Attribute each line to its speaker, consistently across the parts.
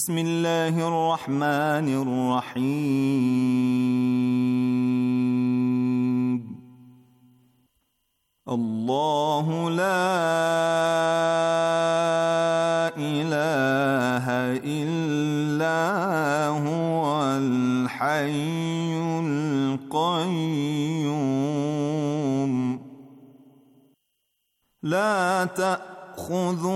Speaker 1: بسم الله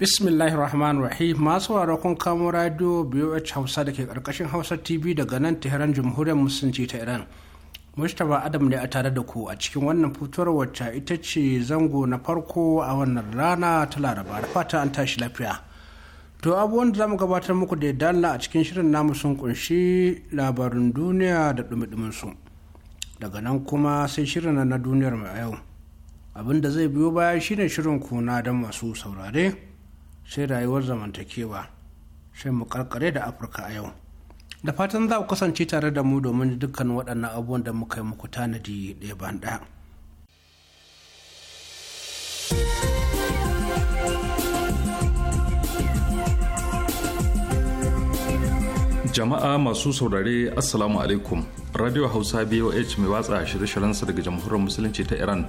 Speaker 2: bismillahir rahmanir rahim masu kun kamo radio boh hausa da ke karkashin hausa tv daga nan tehran jamhuriyar musulunci ta iran mustapha adam ne a tare da ku a cikin wannan fitowar wacce ita ce zango na farko a wannan rana ta laraba da fata an tashi lafiya to abubuwan da zamu gabatar muku da dala a cikin shirin namu sun kunshi labarin duniya da dumi su daga nan kuma sai shirin na duniyar mai yau abin da zai biyo baya shine shirin kuna don masu saurare sai rayuwar zamantakewa sai mu karkare da afirka a yau da fatan za ku kasance tare da mu domin dukkan waɗannan abubuwan da muka yi muku tanadi ɗaya ban ɗaya
Speaker 3: jama'a masu saurare assalamu alaikum radio hausa boh mai watsa shirye-shiryensa daga jamhuriyar musulunci ta iran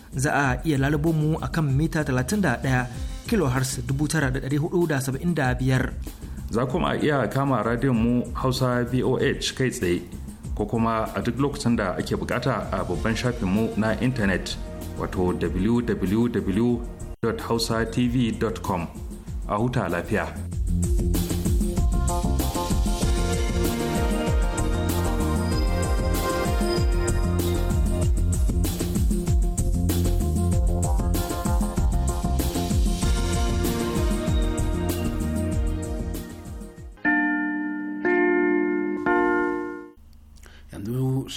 Speaker 4: za a iya lalubo mu a kan mita 31 kilohertz biyar.
Speaker 3: Za kuma a iya kama radiyon mu Hausa boh kai tsaye ko kuma a duk lokacin da ake bukata a babban mu na intanet wato www.hausatv.com a huta lafiya.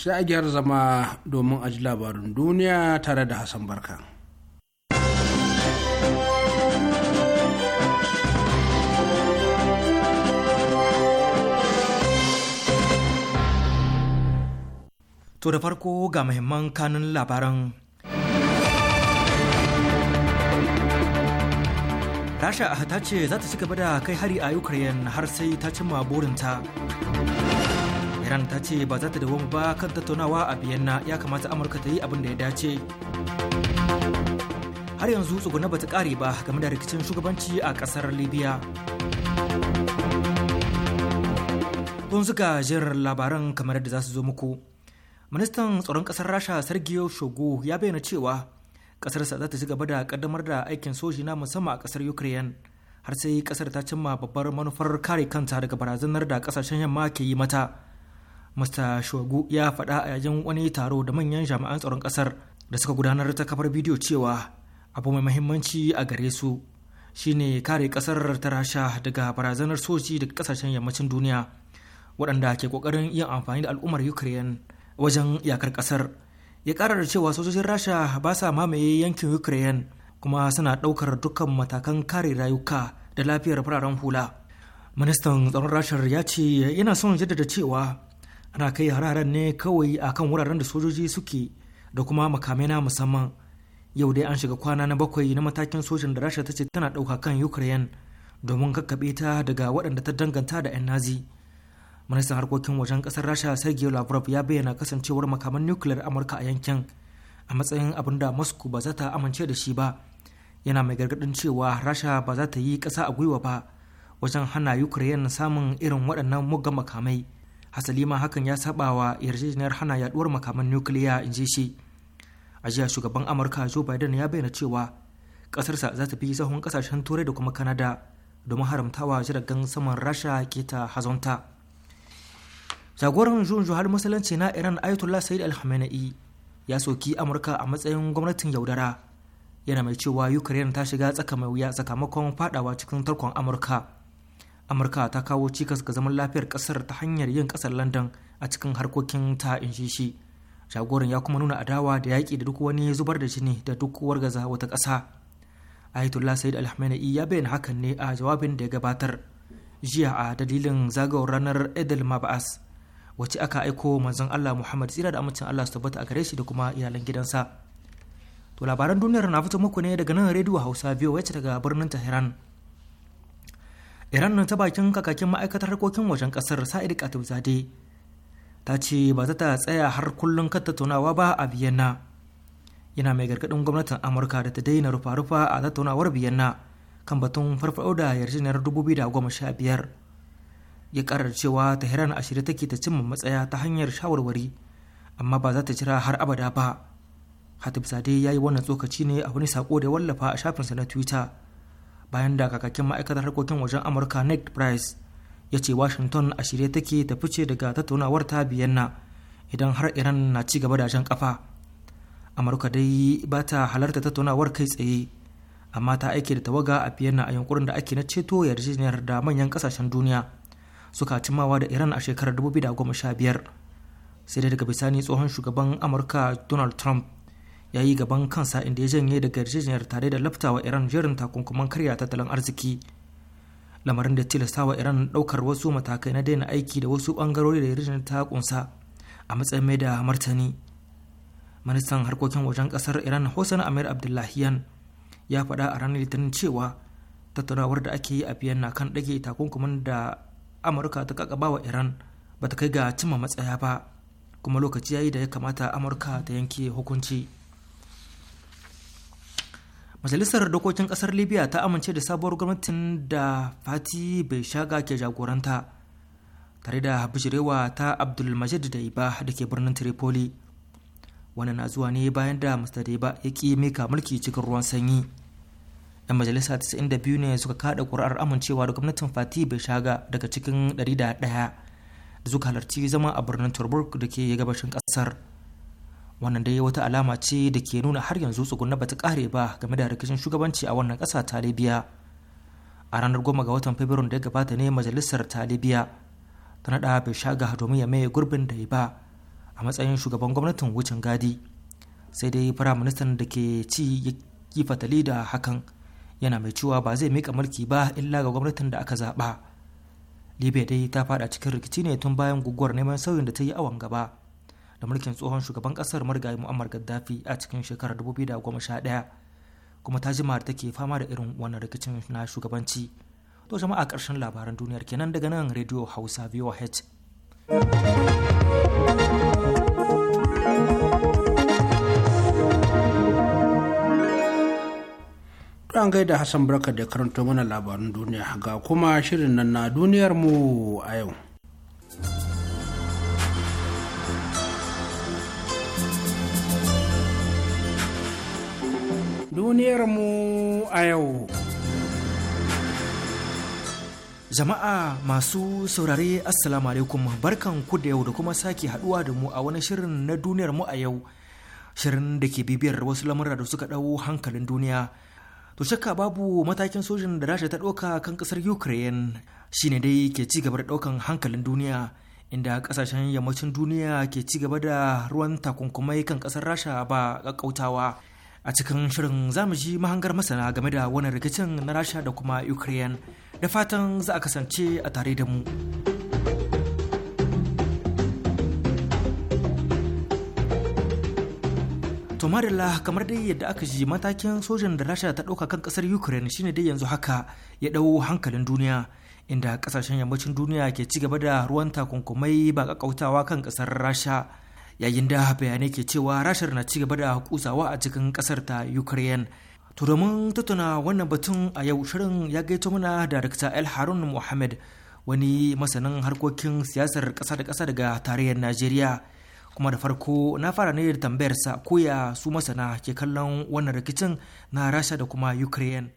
Speaker 2: sai a gyara zama domin aji labarin duniya tare da Hassan Barka.
Speaker 4: To da farko ga muhimman kanun labaran rasha ta ce za ta ci gaba da kai hari a ukraine har sai ta cimma burinta iran ta ce ba za ta wani ba kan tattaunawa a vienna ya kamata amurka ta yi abin da ya dace har yanzu tsuguna ba ta kare ba game da rikicin shugabanci a kasar libya kun suka jirar labaran kamar da za su zo muku ministan tsaron kasar rasha sergio shogo ya bayyana cewa kasarsa za ta ci gaba da kaddamar da aikin soji na musamman a kasar ukraine har sai kasar ta cimma babbar manufar kare kanta daga barazanar da kasashen yamma ke yi mata mr shogu ya faɗa a yayin wani taro da manyan jami'an tsaron ƙasar da suka gudanar ta kafar bidiyo cewa abu mai mahimmanci a gare su shine kare ƙasar ta rasha daga barazanar soji daga ƙasashen yammacin duniya waɗanda ke ƙoƙarin yin amfani da al'ummar ukraine wajen iyakar ƙasar ya ƙara da cewa sojojin rasha ba sa mamaye yankin ukraine kuma suna ɗaukar dukkan matakan kare rayuka da lafiyar fararen hula ministan tsaron rashar ya ce yana son jaddada cewa ana kai hararen ne kawai a kan wuraren da sojoji suke da kuma makamai na musamman yau dai an shiga kwana na bakwai na matakin sojan da rasha ta ce tana ɗauka kan ukraine domin kakkaɓe ta daga waɗanda ta danganta da 'yan nazi ministan harkokin wajen ƙasar rasha sergei lavrov ya bayyana kasancewar makaman nukiliyar amurka a yankin a matsayin abin da moscow ba za ta amince da shi ba yana mai gargaɗin cewa rasha ba za ta yi ƙasa a gwiwa ba wajen hana ukraine samun irin waɗannan muggan makamai hasali ma hakan ya saba wa yarjejeniyar hana yaduwar makaman nukiliya in ji shi a jiya shugaban amurka joe biden ya bayyana cewa ƙasarsa za ta fi sahun kasashen turai da kuma kanada domin haramtawa jiragen saman rasha ke ta hazonta jagoran jun juhar musulunci na iran ayatollah sayid al ya soki amurka a matsayin gwamnatin yaudara yana mai cewa ukraine ta shiga tsaka mai wuya sakamakon fadawa cikin tarkon amurka amurka ta kawo cikas ga zaman lafiyar kasar ta hanyar yin kasar london a cikin harkokin ta in shi shi jagoran ya kuma nuna adawa da yaƙi da duk wani zubar da jini da duk wargaza wata ƙasa ayatollah said al ya bayyana hakan ne a jawabin da ya gabatar jiya a dalilin zagawar ranar edel mabas wacce aka aiko manzon allah muhammad tsira da amincin allah su tabbata a gare shi da kuma iyalan gidansa to labaran duniyar na fito muku ne daga nan rediyo hausa biyu wacce daga birnin tehran iran ta bakin kakakin ma'aikatar harkokin wajen kasar sa'id katibzade ta ce ba za ta tsaya har kullum kan tattaunawa ba a vienna yana mai gargadin gwamnatin amurka da ta daina rufa-rufa a tattaunawar vienna kan batun farfaɗo da yarjejeniyar 2015 ya karar cewa tehran a shirye take ta cimma matsaya ta hanyar shawarwari amma ba za ta jira har abada ba hatib sade ya yi wannan tsokaci ne a wani sako da wallafa a shafinsa na twitter bayan da kakakin ma'aikatar harkokin wajen amurka nick price ya ce washington a shirye take ta fice daga tattaunawar ta biyanna idan har iran na ci gaba da jan kafa amurka dai ba ta halarta tattaunawar kai tsaye amma ta aike da tawaga a biyanna a yankurin da ake na ceto yarjejeniyar da manyan kasashen duniya suka cimawa da iran a shekarar 2015 sai dai daga bisani tsohon shugaban amurka donald trump ya yi gaban kansa inda ya janye daga yarjejeniyar tare da laftawa iran jerin takunkuman karya tattalin arziki lamarin da tilastawa iran daukar wasu matakai na daina aiki da wasu bangarori da yarjejeniyar ta kunsa a matsayin mai da martani ministan harkokin wajen kasar iran hosan amir abdullahiyan ya faɗa a ranar litinin cewa tattaunawar da ake yi a na kan ɗage takunkumin da amurka ta kakaba iran bata kai ga cimma matsaya ba kuma lokaci yayi da ya kamata amurka ta yanke hukunci majalisar dokokin kasar libya ta amince da sabuwar gwamnatin da fati bai shaga ke jagoranta tare da bijirewa ta abdulmajid daiba da ke birnin tripoli wannan na zuwa ne bayan da mr daiba ya ki mika mulki cikin ruwan sanyi yan majalisa 92 ne suka kada ƙuri'ar amincewa da gwamnatin fati bai shaga daga cikin 101 da suka halarci zama a birnin turburg da ke gabashin kasar. wannan dai wata alama ce da ke nuna har yanzu tsugunna bata kare ba game da rikicin shugabanci a wannan ƙasa ta libya a ranar goma ga watan fabrairun da ya gabata ne majalisar ta libya ta naɗa bishaga domin ya maye gurbin da ba a matsayin shugaban gwamnatin wucin gadi sai dai firaministan da ke ci ki fatali da hakan yana mai cewa ba zai mika mulki ba illa ga gwamnatin da aka zaɓa libya dai ta fada cikin rikici ne tun bayan guguwar neman sauyin da ta yi awon gaba da mulkin tsohon shugaban kasar marigayi muammar gaddafi a cikin shekarar 2011 kuma ta jima da take fama da irin wannan rikicin na shugabanci to jama'a ƙarshen labaran duniyar kenan daga nan radio hausa voh
Speaker 2: Ɗan gaida Hassan Barka da karanto mana labaran duniya ga kuma shirin nan na duniyar mu a yau. duniyarmu
Speaker 4: a yau. Jama'a masu saurare Assalamu alaikum barkan ku da yau da kuma sake haduwa da mu a wani shirin na duniyarmu a yau. Shirin da ke bibiyar wasu lamura da suka ɗau hankalin duniya. To shakka babu matakin sojin da Rasha ta ɗauka kan ƙasar Ukraine shine dai ke ci gaba da ɗaukan hankalin duniya inda ƙasashen yammacin duniya ke ci gaba da ruwan takunkumai kan ƙasar Rasha ba ƙaƙƙautawa. a cikin shirin zamu ji mahangar masana game da wani rikicin na rasha da kuma ukraine da fatan za a kasance a tare da mu to kamar dai yadda aka ji matakin sojan da rasha ta ɗauka kan ƙasar ukraine shine dai yanzu haka ya ɗau hankalin duniya inda ƙasashen yammacin duniya ke ci gaba da ruwan takunkumai ba ƙaƙautawa kan ƙasar rasha yayin da bayanai ke cewa rashar na ci gaba da kusawa a cikin kasar ta ukraine to domin tattuna wannan batun a yau shirin ya gaito mana da dr el harun mohamed wani masanin harkokin siyasar kasa da kasa daga tarayyar najeriya kuma da farko na fara ne da tambayarsa koya su masana ke kallon wannan rikicin na rasha da kuma ukraine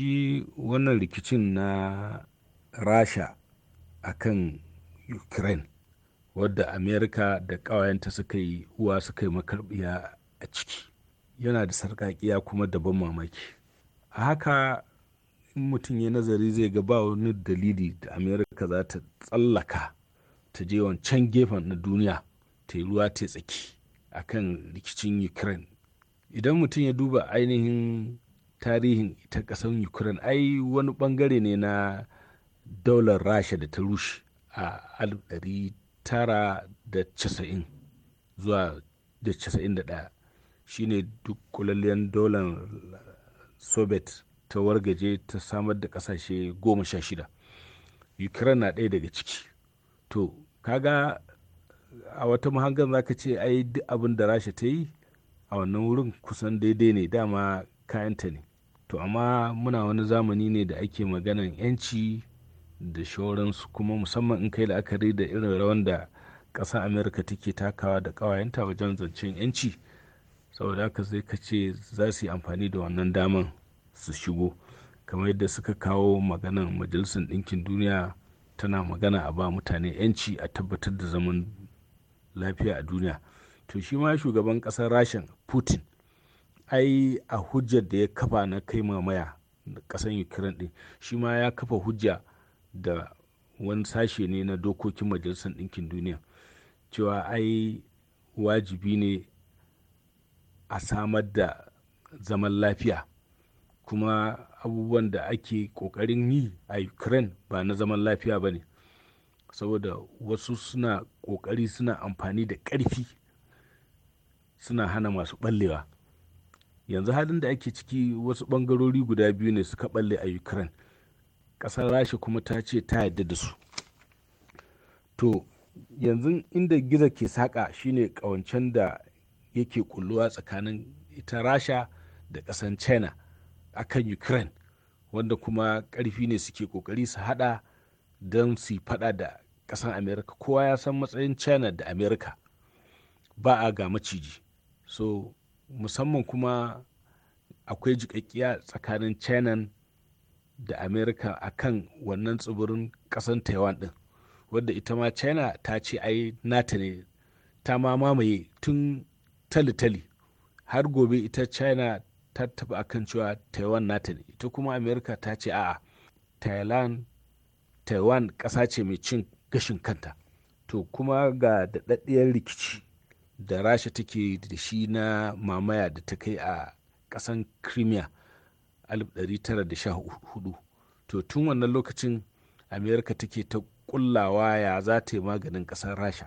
Speaker 5: shi wannan rikicin na rasha akan ukraine wadda amerika da ƙawayenta suka yi uwa suka yi makarbiya a ciki yana da sarƙaƙiya kuma da ban mamaki a haka in mutum ya nazari zai ga ba wani dalili da amerika za ta tsallaka ta je wancan gefen na duniya ta yi ruwa ta tsaki a kan rikicin ukraine idan mutum ya duba ainihin tarihin ita ƙasar ukraine ai wani bangare ne na daular rasha da ta rushe a tara da casa'in zuwa da casa'in da ɗaya shine duk kulalliyar dolar soviet ta wargaje ta samar da ƙasashe goma sha shida ukraine na ɗaya daga ciki to kaga a wata mahangar za ka ce ai duk abin da rasha ta yi a wannan wurin kusan daidai ne dama kayanta ne to amma muna wani zamani ne da ake maganan 'yanci da shoransu kuma musamman in kai la'akari da irin rawan da ƙasar amerika take takawa da ƙawayenta wajen zancen yanci saboda haka zai ka ce za su yi amfani da wannan daman su shigo kamar yadda suka kawo maganan majalisar ɗinkin duniya tana magana a ba mutane yanci a tabbatar da zaman lafiya a duniya to shi ma shugaban ƙasar rashin putin ai a hujjar da ya kafa na kai mamaya ƙasar ukraine ɗin shi ma ya kafa hujja da wani sashe ne na dokokin majalisar ɗinkin duniya cewa ai wajibi ne a samar da zaman lafiya kuma abubuwan da ake ƙoƙarin yi a ukraine ba na zaman lafiya ba ne saboda wasu suna ƙoƙari suna amfani da ƙarfi suna hana masu ɓallewa yanzu halin da ake ciki wasu ɓangarori guda biyu ne suka ɓalle a ukraine ƙasar rasha kuma ta ce ta yadda da su to yanzu inda gizo ke saƙa shine ƙawancen da yake kulluwa tsakanin ita rasha da ƙasan china akan ukraine wanda kuma ƙarfi ne suke ƙoƙari su haɗa don su faɗa da ƙasan amerika kowa ya san matsayin china da amerika ba a ga maciji so musamman kuma akwai jiƙaƙƙiya tsakanin china da a kan wannan tsibirin kasan taiwan din wadda ita ma china ta ce ai nata ne ta ma mamaye tun tali-tali har gobe ita china ta taba akan cewa taiwan nata ne ita kuma america ta ce a'a thailand taiwan ƙasa ce mai cin gashin kanta to kuma ga daɗaɗɗiyar rikici da rasha take da shi na mamaya da ta kai a ƙasan crimea 1914 to tun wannan lokacin amerika take ta kullawa ya za ta yi maganin kasar rasha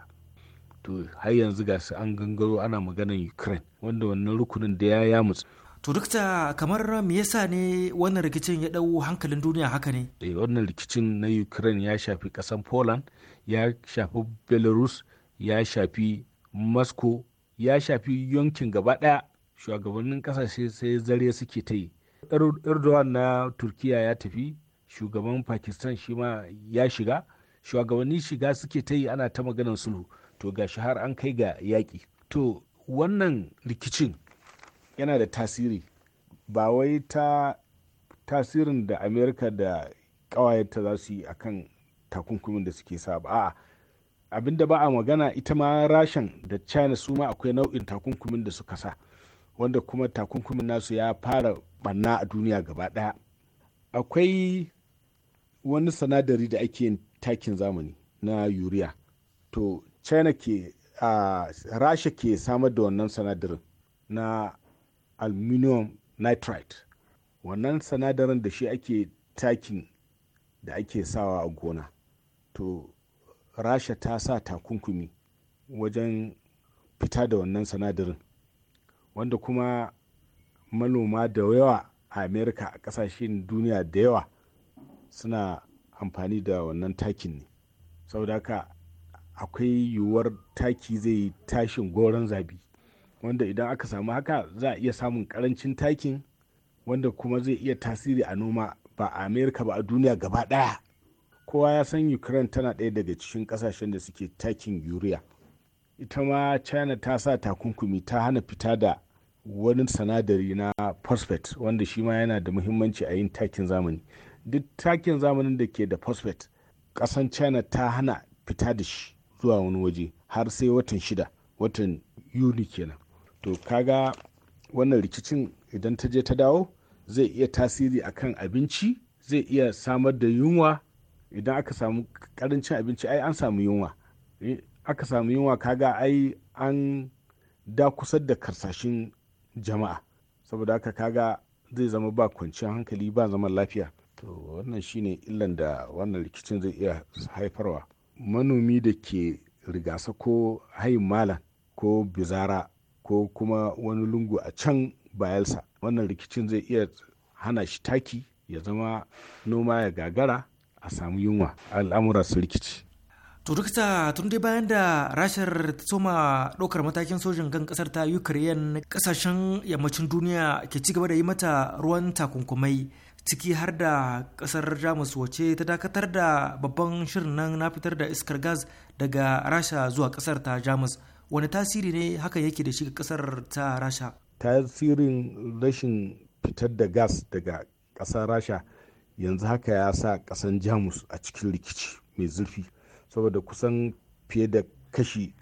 Speaker 5: to har yanzu ga su an gangaro ana maganin ukraine wanda wannan rukunin da ya yamutse to dukta kamar me yasa ne wannan rikicin ya dau hankalin duniya haka ne eh wannan rikicin na ukraine ya shafi kasan poland ya shafi belarus ya shafi moscow ya shafi yankin gaba daya shugabannin kasashe sai zare suke ta yi erdogan na turkiya ya tafi shugaban pakistan shi ma ya shiga shugabanni shiga suke ta yi ana ta maganar sulhu to ga har an kai ga yaƙi to wannan rikicin yana da tasiri ba wai ta tasirin da amerika da ƙawayenta za su yi a kan takunkumin da suke sa ba a'a abinda ba a magana ita ma rashin da china su ma akwai nau'in takunkumin da suka sa wanda kuma takunkumin nasu ya fara barna a duniya gaba ɗaya akwai wani sanadari da ake yin takin zamani na yuriya to china ke a rasha ke samar da wannan sanadarin na aluminium nitrite wannan sanadarin da shi ake takin da ake sawa a gona to rasha ta sa takunkumi wajen fita da wannan sanadarin wanda kuma manoma da yawa a Amerika a kasashen duniya da yawa suna amfani da wannan takin ne saboda haka akwai yiwuwar taki zai tashin goron zabi wanda idan aka samu haka za a iya samun karancin takin wanda kuma zai iya tasiri a noma ba a amerika ba a duniya gaba daya kowa ya san ukraine tana ɗaya daga cikin ƙasashen da suke takin yuriya ita ma china ta sa takunkumi ta hana fita da wani sanadari na phosphate wanda shi ma yana da muhimmanci a yin takin zamani duk takin zamanin da ke da phosphate kasan china ta hana fita da shi zuwa wani waje har sai watan shida watan yuni kenan to kaga wannan rikicin idan ta je ta dawo zai iya tasiri akan abinci zai iya samar da yunwa idan aka samu karancin abinci ai an samu yunwa eh, aka samu yunwa kaga ai an da kusa da karsashin jama'a saboda haka kaga zai zama ba kwanciyar hankali ba zaman lafiya to wannan shine illan da wannan rikicin zai iya haifarwa manomi da ke rigasa ko hayin malam ko bizara ko kuma wani lungu a can bayelsa wannan rikicin zai iya hana shi taki ya zama noma ya gagara a samu yunwa al'amura su rikici
Speaker 4: to tun dai bayan da rashar ta soma ɗaukar matakin sojin kan ƙasar ta ukraine ƙasashen yammacin duniya ke ci gaba da yi mata ruwan takunkumai ciki har da ƙasar jamus wace ta dakatar da babban shirin nan na fitar da iskar gas daga rasha zuwa ƙasar ta jamus wani tasiri ne haka yake da shi ga ƙasar ta rasha
Speaker 5: tasirin rashin fitar da gas daga ƙasar rasha yanzu haka ya sa ƙasar jamus a cikin rikici mai zurfi saboda kusan fiye da kashi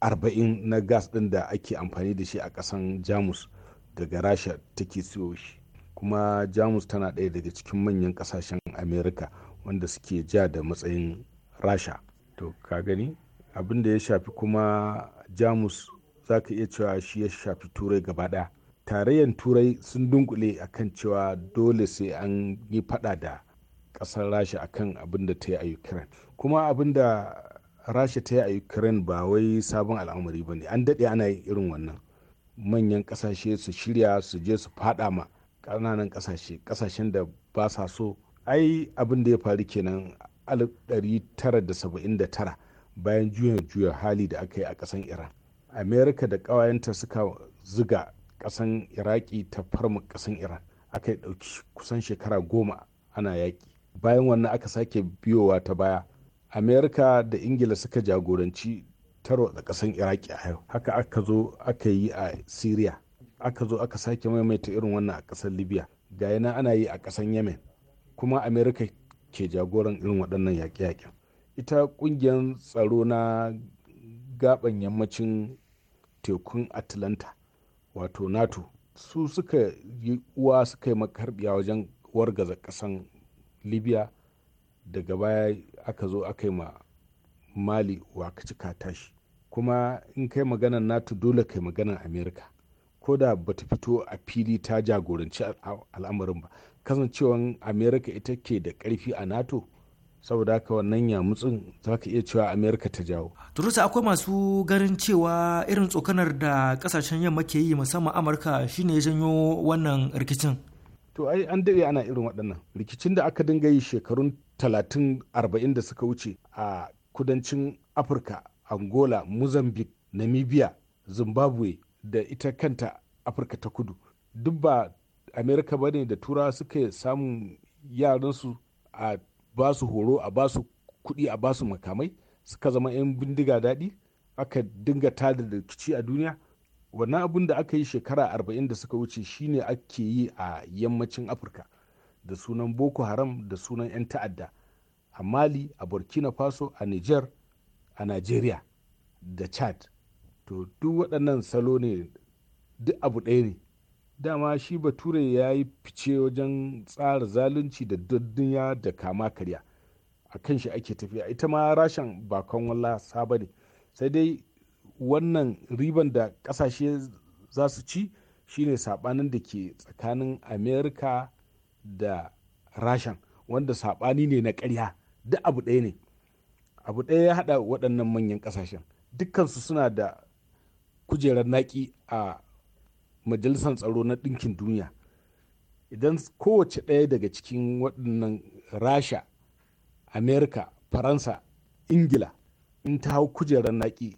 Speaker 5: 40 na gas ɗin da ake amfani da shi a ƙasan jamus daga rasha take siyo shi kuma jamus tana ɗaya daga cikin manyan ƙasashen amerika wanda suke ja da matsayin rasha to ka gani abin da ya shafi kuma jamus za ka iya cewa shi ya shafi turai gaba ɗaya tarayyar turai sun dunkule akan cewa dole sai an yi fada da kasar rasha akan abin da ta yi a ukraine kuma abin da rasha ta yi a ukraine ba wai sabon al'amari ba ne an daɗe ana yin irin wannan manyan ƙasashe su shirya su je su faɗa ma ƙananan ƙasashe ƙasashen da ba sa so ai abin da ya faru kenan 1979 bayan juyin juya hali da aka yi a ƙasan iran amerika da ƙawayenta suka ziga ƙasan iraki ta farma ƙasan iran aka yi ɗauki kusan shekara goma ana yaƙi bayan wannan aka sake biyowa ta baya amerika da ingila suka jagoranci da kasan iraki a yau haka aka zo aka yi a syria aka zo aka sake maimaita irin wannan a kasan libya ga yana ana yi a kasan yemen kuma amerika ke jagoran irin waɗannan yaƙe yaƙe ita ƙungiyar tsaro na gaban yammacin tekun atlanta wato nato su suka yi uwa suka yi makarbiya wajen wargaza ƙasan libya daga baya aka zo aka yi ma mali wa ka ci tashi kuma in kai maganar nato dole kai maganar america ko da ba ta fito a fili ta jagoranci al'amarin ba kasancewan amerika ita ke da karfi a nato saboda haka wannan yamutsin za ka iya cewa amerika ta jawo
Speaker 4: turusa akwai masu ganin cewa irin tsokanar da kasashen yamma ke yi musamman amurka shine ya janyo wannan rikicin
Speaker 5: to ai an daɗe ana irin waɗannan rikicin da aka dinga yi shekarun talatin arba'in da suka wuce a kudancin afirka angola mozambique namibia zimbabwe da ita kanta afirka ta kudu duk ba amerika ba ne da turawa suka samu yaransu a basu horo a basu su kuɗi a basu makamai suka zama 'yan bindiga daɗi aka dinga tada da rikici a duniya wannan abun da aka yi shekara 40 da suka wuce shine ake yi a yammacin afirka da sunan boko haram da sunan 'yan ta'adda a mali a burkina faso a niger a nigeria da chad to duk waɗannan salo ne duk abu ɗaya ne dama shi bature ya yi fice wajen tsara zalunci da duniya da kama karya a kan shi ake tafiya ita ma rashin bakon walla saba ne sai dai wannan riban da kasashe za su ci shine sabanin da ke tsakanin amerika da rashan wanda sabani ne na karya duk abu ɗaya ne abu ɗaya ya haɗa waɗannan manyan ƙasashen dukkansu suna da kujerar naƙi a majalisar tsaro na ɗinkin duniya idan kowace ɗaya daga cikin waɗannan rasha amerika faransa ingila in ta hau kujerar naƙi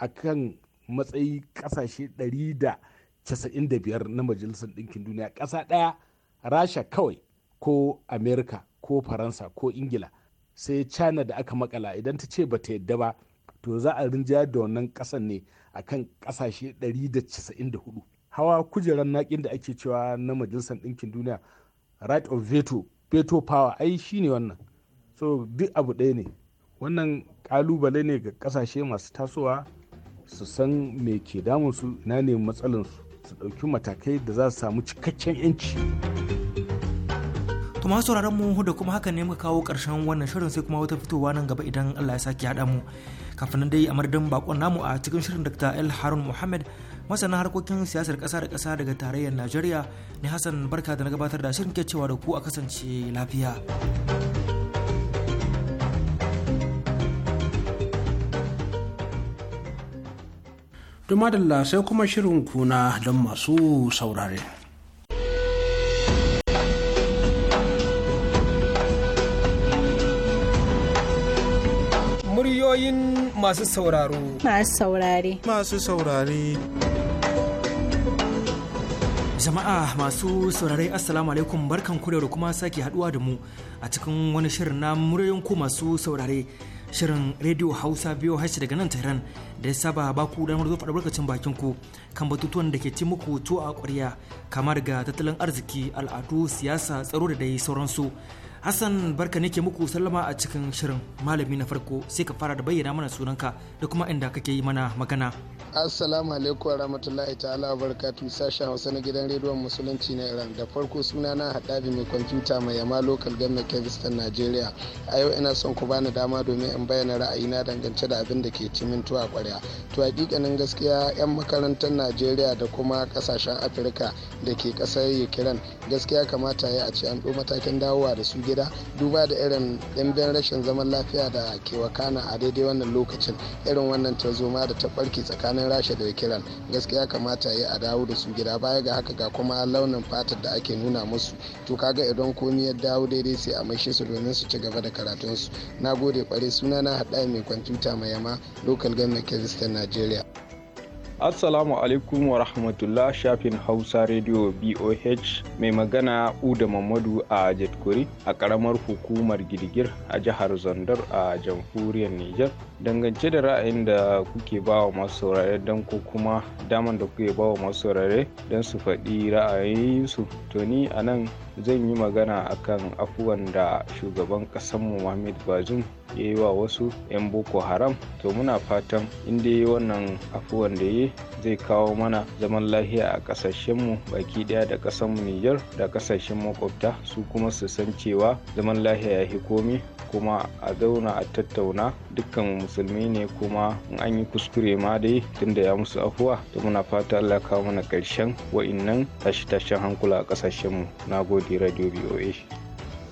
Speaker 5: akan matsayi kasashe 195 na majalisar ɗinkin duniya ƙasa ɗaya rasha kawai ko amerika ko faransa ko ingila sai china da aka makala idan ta ce ba ta yadda ba to za a rinjaya da wannan ƙasan ne akan ƙasashe 194 hawa kujerar nakin da ake cewa na majalisar ɗinkin duniya right of veto veto power ai shine wannan so duk abu ɗaya ne wannan ƙalubale ne ga ƙasashe masu tasowa su san me ke su na ne matsalin su ɗauki matakai da za su samu cikakken 'yanci.
Speaker 4: To sauraron mu da kuma haka ne muka kawo ƙarshen wannan shirin sai kuma wata fitowa nan gaba idan Allah ya sake haɗa mu. Kafin nan dai a madadin bakon namu a cikin shirin Dr. El Harun Muhammad masana harkokin siyasar kasa da kasa daga tarayyar Najeriya ne Hassan Barka da na gabatar da shirin ke cewa da ku a kasance lafiya.
Speaker 2: Dumadalla sai kuma shirin kuna don masu saurare.
Speaker 4: Muryoyin masu sauraro.
Speaker 1: Masu saurare. Masu saurare.
Speaker 4: Jama'a masu saurare Assalamu alaikum barkan ku da kuma sake haduwa da mu a cikin wani shirin na muryoyin ku masu saurare shirin Radio Hausa Biyo hashi daga nan Tehran da ya saba ba ku damar zo albarkacin bakin ku kan batutuwan da ke ci muku tuwo a ƙwarya kamar ga tattalin arziki al'adu siyasa tsaro da dai sauransu Hassan barka ne ke muku sallama a cikin shirin malami na farko sai ka fara da bayyana mana sunanka da kuma inda kake yi mana magana.
Speaker 6: Assalamu alaikum warahmatullahi ta'ala barakatu sashen Hausa na gidan rediyon musulunci na Iran da farko suna na haɗabi mai kwamfuta mai yama local government Kyrgyzstan Najeriya. A yau ina son ku bani dama domin in bayyana ra'ayina dangance da abin da ke cimin tuwa kwarya. To hakikanin gaskiya 'yan makarantar Najeriya da kuma kasashen Afirka da ke ƙasar Ukraine gaskiya kamata ya a ce an ɗo matakin dawowa da su gida duba da irin ɗimbin rashin zaman lafiya da ke wakana a daidai wannan lokacin irin wannan tarzoma da ta barke tsakanin rasha da kiran gaskiya kamata ya a dawo da su gida baya ga haka ga kuma launin fatar da ake nuna musu
Speaker 2: to kaga idan komi ya dawo daidai sai a maishe su domin su ci gaba da karatunsu na gode kware suna na haɗa mai kwamfuta mai yama local government kiristan nigeria
Speaker 5: Assalamu alaikum wa rahmatullah shafin Hausa Radio BOH mai magana Uda Mamadu a Jetkuri a ƙaramar hukumar Girgir a jihar Zandar a jamhuriyar Nijar. dangance da ra'ayin da kuke ba wa masu saurare don ko kuma daman da kuke ba wa masu saurare don su faɗi ra'ayinsu to ni a nan zan yi magana akan afuwan da shugaban ƙasanmu Muhammad Bazum ya yi wa wasu 'yan boko haram to muna fatan inda ya yi wannan afuwan da ya zai kawo mana zaman lahiya a ƙasashen mu baki ɗaya da mu niger da ƙasashen makwabta su kuma su san cewa zaman lahiya ya hi komi kuma a zauna a tattauna dukkan musulmi ne kuma in an yi kuskure ma dai tunda ya musu afuwa to muna fata Allah kawo mana karshen wa'innan tashi-tashin hankula a kasashen mu na gode
Speaker 3: radio voa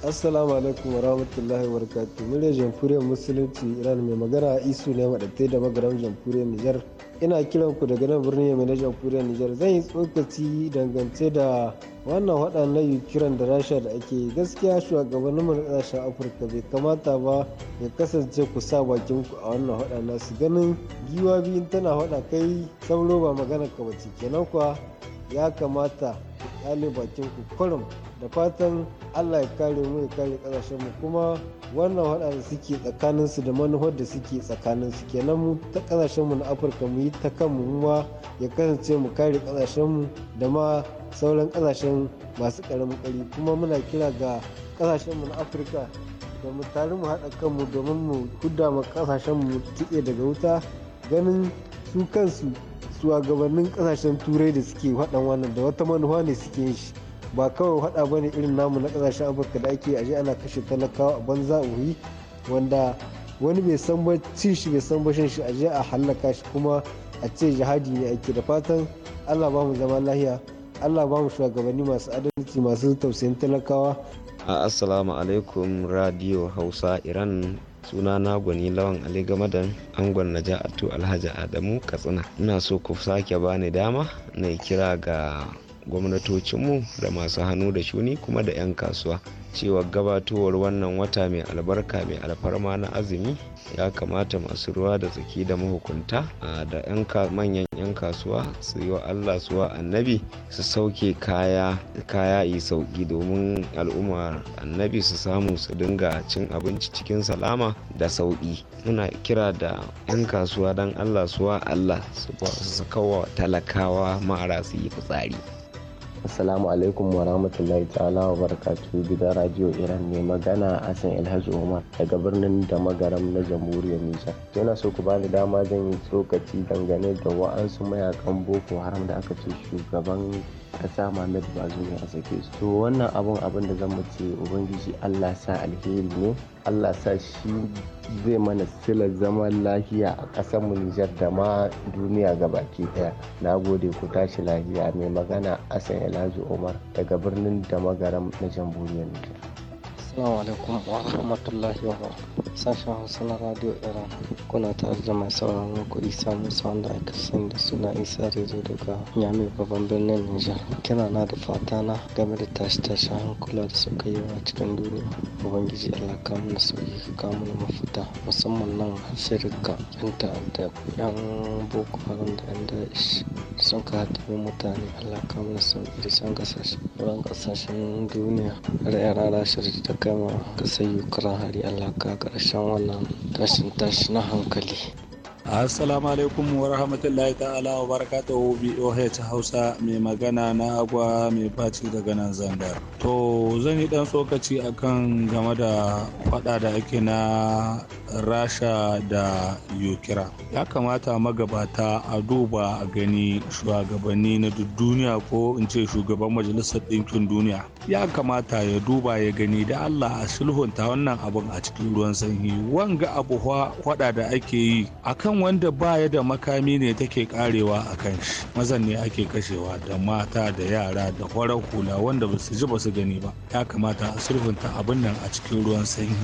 Speaker 7: assalamu alaikum wa rahmatullahi wa barakatuh muryar jamhuriyar musulunci iran mai magana isu ne madatai da magaram jamhuriyar niger ina kiran ku daga nan birnin yamma na jamhuriyar nijar zan yi tsokaci dangance da wannan hada na da rasha da ake gaskiya shugabannin na ƙasashen afirka bai kamata ba ya kasance ku sa bakin ku a wannan hada su ganin giwa biyun tana hada kai sauro ba magana ka bace kenan kuwa ya kamata hali bakin ku kurum da fatan allah ya kare mu ya kare kasashen mu kuma wannan hada da suke tsakanin su da manufar da suke tsakanin su kenan mu ta kasashen mu na afirka mu yi ta kan mu ya kasance mu kare kasashen mu da ma sauran kasashen masu ƙaramin kari kuma muna kira ga kasashen mu na afirka da mu tare mu haɗa kanmu domin mu hudda ma kasashen mu kitse daga wuta ganin su kansu shugabannin kasashen turai da suke haɗan wannan da wata manufa ne suke yin shi ba kawai haɗa ba ne irin namu na kasashen afirka da ake aje ana kashe talakawa a banza uyi wanda wani bai san ba ci shi bai san ba shan shi aje a hallaka shi kuma a ce jihadi ne ake da fatan allah ba mu zama lahiya allah ba mu shugabanni masu adalci masu tausayin talakawa a assalamu alaikum radio hausa iran suna na gwani lawan ali gamadan angon ja'atu alhaji adamu katsina ina so ku sake bani dama na kira ga gwamnatocinmu da masu hannu da shuni kuma da 'yan kasuwa cewa gabatowar wannan wata mai albarka mai alfarma na azumi ya kamata masu ruwa da tsaki da mahukunta da manyan 'yan kasuwa su yi wa allah suwa annabi su sauke kaya yi sauki domin al'umma annabi su samu su dinga cin abinci cikin salama da sauki muna kira da 'yan kasuwa don allah suwa allah su kawo talakawa mara su yi fitsari Assalamu alaikum wa rahmatullahi ta'ala wa barakatuhu gidan Radio Iran ne magana a Hassan Alhaji Umar daga birnin da magaram na jamhuriyar nisa Yana so ku bani dama zan yi tsokaci dangane da wa'ansu mayakan Boko Haram da aka ce shugaban kasa sa Muhammad Bazoum a sake su to wannan abun abin da zamu ce ubangiji Allah sa alheri ne Allah sa shi zai mana sila zaman lafiya a ƙasar mu Nijar da ma duniya gabaki daya na gode ku tashi lafiya mai magana Asan Elazu Umar daga birnin Damagaram na jamhuriyar Nijar Assalamu alaikum wa rahmatullahi wa Sashen Hausa na Radio Iran kuna tare da mai sauraron ku Isa Musa wanda aka sani da suna Isa Rezo daga Nyame babban birnin Nijar. Kina na da fata na game da tashi tashi hankula da suka yi a cikin duniya. Ubangiji Allah ka mana sauki ka kawo mana mafita musamman nan shirka yan ta'adda yan boko haram da yan daesh sun ka haɗe mutane Allah ka mana sauki da san kasashen duniya. da rara shirka gama ƙasar Ukraine hari Allah ka ƙarshen wannan tashin tashi na hankali.
Speaker 3: Assalamu alaikum wa rahmatullahi ta'ala wa barakatuhu BOH Hausa mai magana na agwa mai faci daga nan zangar. To zan yi dan tsokaci akan game da faɗa da ake na
Speaker 5: Rasha da Yukira. Ya kamata magabata a duba a gani shugabanni na duniya ko in ce shugaban majalisar ɗinkin duniya. Ya kamata ya duba ya gani da Allah a sulhunta wannan abun a cikin ruwan sanyi. Wanga abu faɗa da ake yi akan kan wanda baya da makami ne take karewa a kan shi mazan ne ake kashewa da mata da yara da farar hula wanda ba su ji ba su gani ba ya kamata a sulhunta abin nan a cikin ruwan sanyi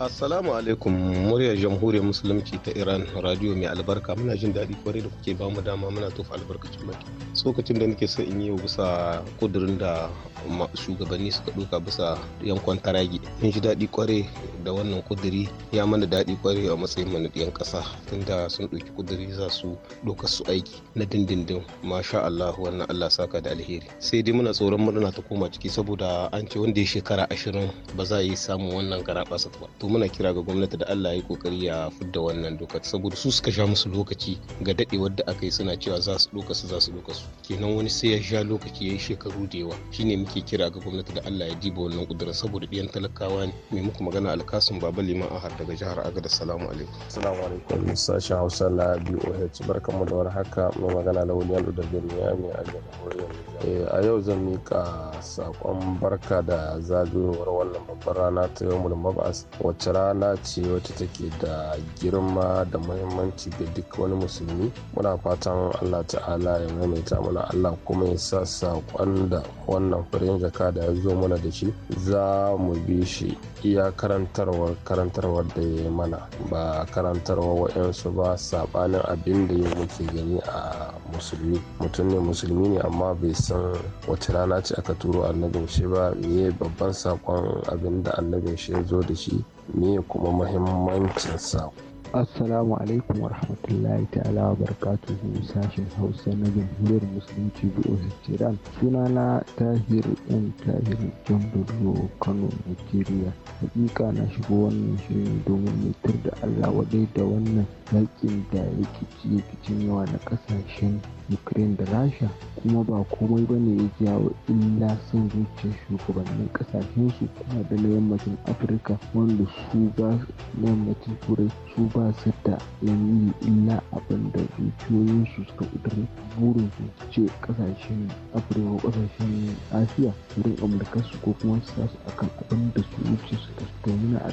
Speaker 5: Assalamu alaikum muryar jamhuriyar musulunci ta Iran radio mai albarka muna jin daɗi kwarai da kuke bamu dama muna tofa albarkacin baki.
Speaker 7: Tsokacin da nake son in yi bisa kudurin da shugabanni suka
Speaker 5: ɗauka bisa yankon tarage mun ji daɗi kware da wannan kuduri ya mana daɗi kware a matsayin mana ɗiyan ƙasa tunda sun ɗauki kuduri za su ɗauka su aiki na dindindin masha Allah wannan Allah saka da alheri sai dai muna tsoron murna ta koma ciki saboda an ce wanda ya shekara ashirin ba za a yi samun wannan sa ba to muna kira ga gwamnati da Allah ya yi ƙoƙari ya fidda wannan doka saboda su suka sha musu lokaci ga daɗewar da aka yi suna cewa za su ɗauka
Speaker 3: su za su ɗauka su
Speaker 5: kenan wani sai ya sha lokaci ya yi shekaru da yawa shine muke kira ga gwamnati da Allah ya diba wannan kudura saboda ɗiyan talakawa ne mai muku magana alkasun baba liman ahar daga jihar agada salamu
Speaker 3: alaikum salamu alaikum sashen hausa na boh Barka da wani haka mai magana launiyar da birniyami a jamhuriyar eh, a yau zan mika sakon barka da zagayowar wannan babbar rana ta yau mabas wacce rana ce wacce take da girma da muhimmanci ga duk wani musulmi muna fatan allah ta'ala ya maimaita mana allah kuma ya sa sakon da wannan kokarin jaka da ya zo mana da shi za mu bi shi iya karantarwar karantarwar da ya mana ba karantarwar wa'yansu ba sabanin abin da ya muke gani a musulmi mutum ne musulmi ne amma bai san wace rana ce aka turo annabin shi ba meye babban sakon abin da annabin shi ya zo da shi me kuma mahimmancin sako
Speaker 2: Assalamu alaikum warahmatullahi ta'ala wa barakatuhu sashen Hausa na
Speaker 7: jamhuriyar musulunci jiran Iran. na Tahir M Tahir Jambudu Kano Nigeria. Hakika na shigo wannan shirin domin mutar da Allah wadai da wannan yaƙin da rikici-rikicin yawa na ƙasashen Ukraine da Rasha kuma ba komai ba ne ya jawo illa son zuciyar shugabannin ƙasashensu kuma da na yammacin Afirka wanda su ba na yammacin Turai
Speaker 5: su ba su da yanyi illa abin da zuciyoyinsu suka ƙudurin burinsu ce ƙasashen Afirka ko ƙasashen Asiya su rinƙa ko kuma su akan abin da su wuce domin a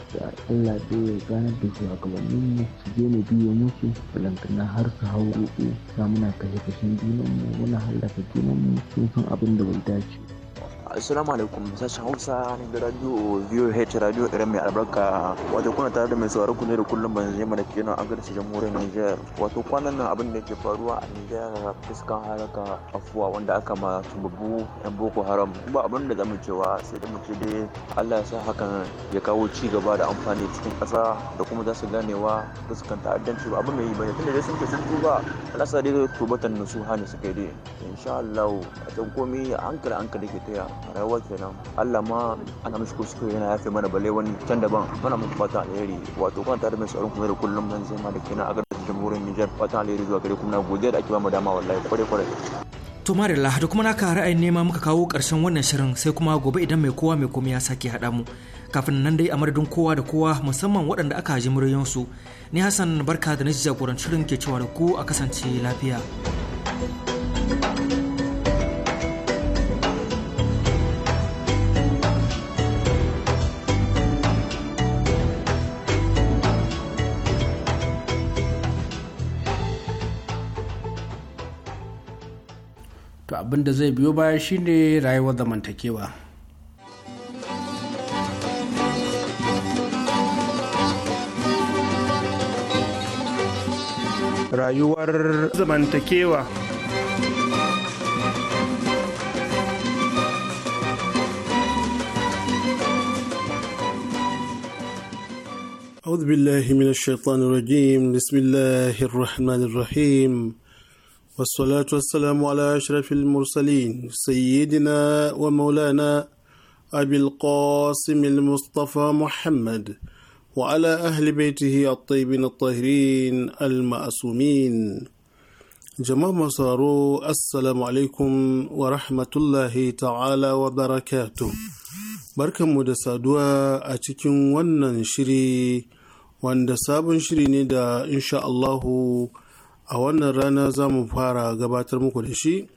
Speaker 5: Allah ya gane da shugabanninmu su je na biyu biyo musu balantana har su hau roƙo ta muna kashe kashen junanmu muna hallaka junanmu sun san abin da bai dace
Speaker 4: assalamu alaikum sashen hausa ne da radio viewer radio irin mai albarka wato kuna tare da mai sauraro ku ne da kullum ban zai mana kenan an garci jamhuriyar niger wato kwanan nan abin da ke faruwa a niger fuskan haraka afuwa wanda aka ma tubabu yan boko haram ba abin da zamu cewa sai da muke dai allah ya sa hakan ya kawo ci gaba da amfani cikin ƙasa da kuma za su ganewa fuskan ta'addanci ba abin mai yi bane tunda dai sun ce sun tuba alasa dai tubatan nasuha ne suka yi dai insha allah a can komi a hankali hankali ke taya rayuwa kenan Allah ma ana mishi kuskure yana yafe mana balle wani can daban muna mun fata alheri wato kuma tare mai tsaron kuma da kullum nan zai ma da kenan a ga jamhuriyar Nijar fata alheri zuwa gare kuma na godiya da ake ba mu dama wallahi kware kware to marilla da kuma naka ra'ayin nema muka kawo karshen wannan shirin sai kuma gobe idan mai kowa mai komai ya sake hada mu kafin nan dai a madadin kowa da kowa musamman waɗanda aka ji muryoyinsu ni hassan barka da na jagorancin shirin ke cewa da ku a kasance lafiya
Speaker 2: abin da zai biyo baya shine rayuwar zamantakewa
Speaker 6: rayuwar zamantakewa أعوذ بالله من الشيطان الرجيم بسم الله الرحمن الرحيم والصلاة والسلام على أشرف المرسلين سيدنا ومولانا أبي القاسم المصطفى محمد وعلى أهل بيته الطيبين الطاهرين المأسومين جماعة صاروا السلام عليكم ورحمة الله تعالى وبركاته بركة مدسة دواء أتكين وننشري wanda sabon shiri ne da insha Allahu a wannan rana za mu fara gabatar muku da shi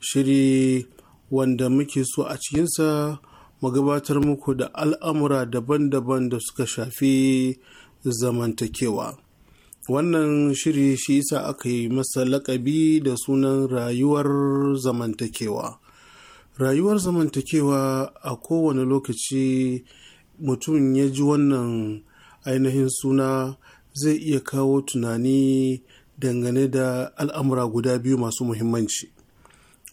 Speaker 6: shiri wanda muke so a cikinsa mu gabatar muku da al'amura daban-daban da suka shafi zamantakewa wannan shiri shi isa aka yi masa lakabi da sunan rayuwar zamantakewa rayuwar zamantakewa a kowane lokaci mutum ya ji wannan ainihin suna zai iya kawo tunani dangane da al'amura guda biyu masu muhimmanci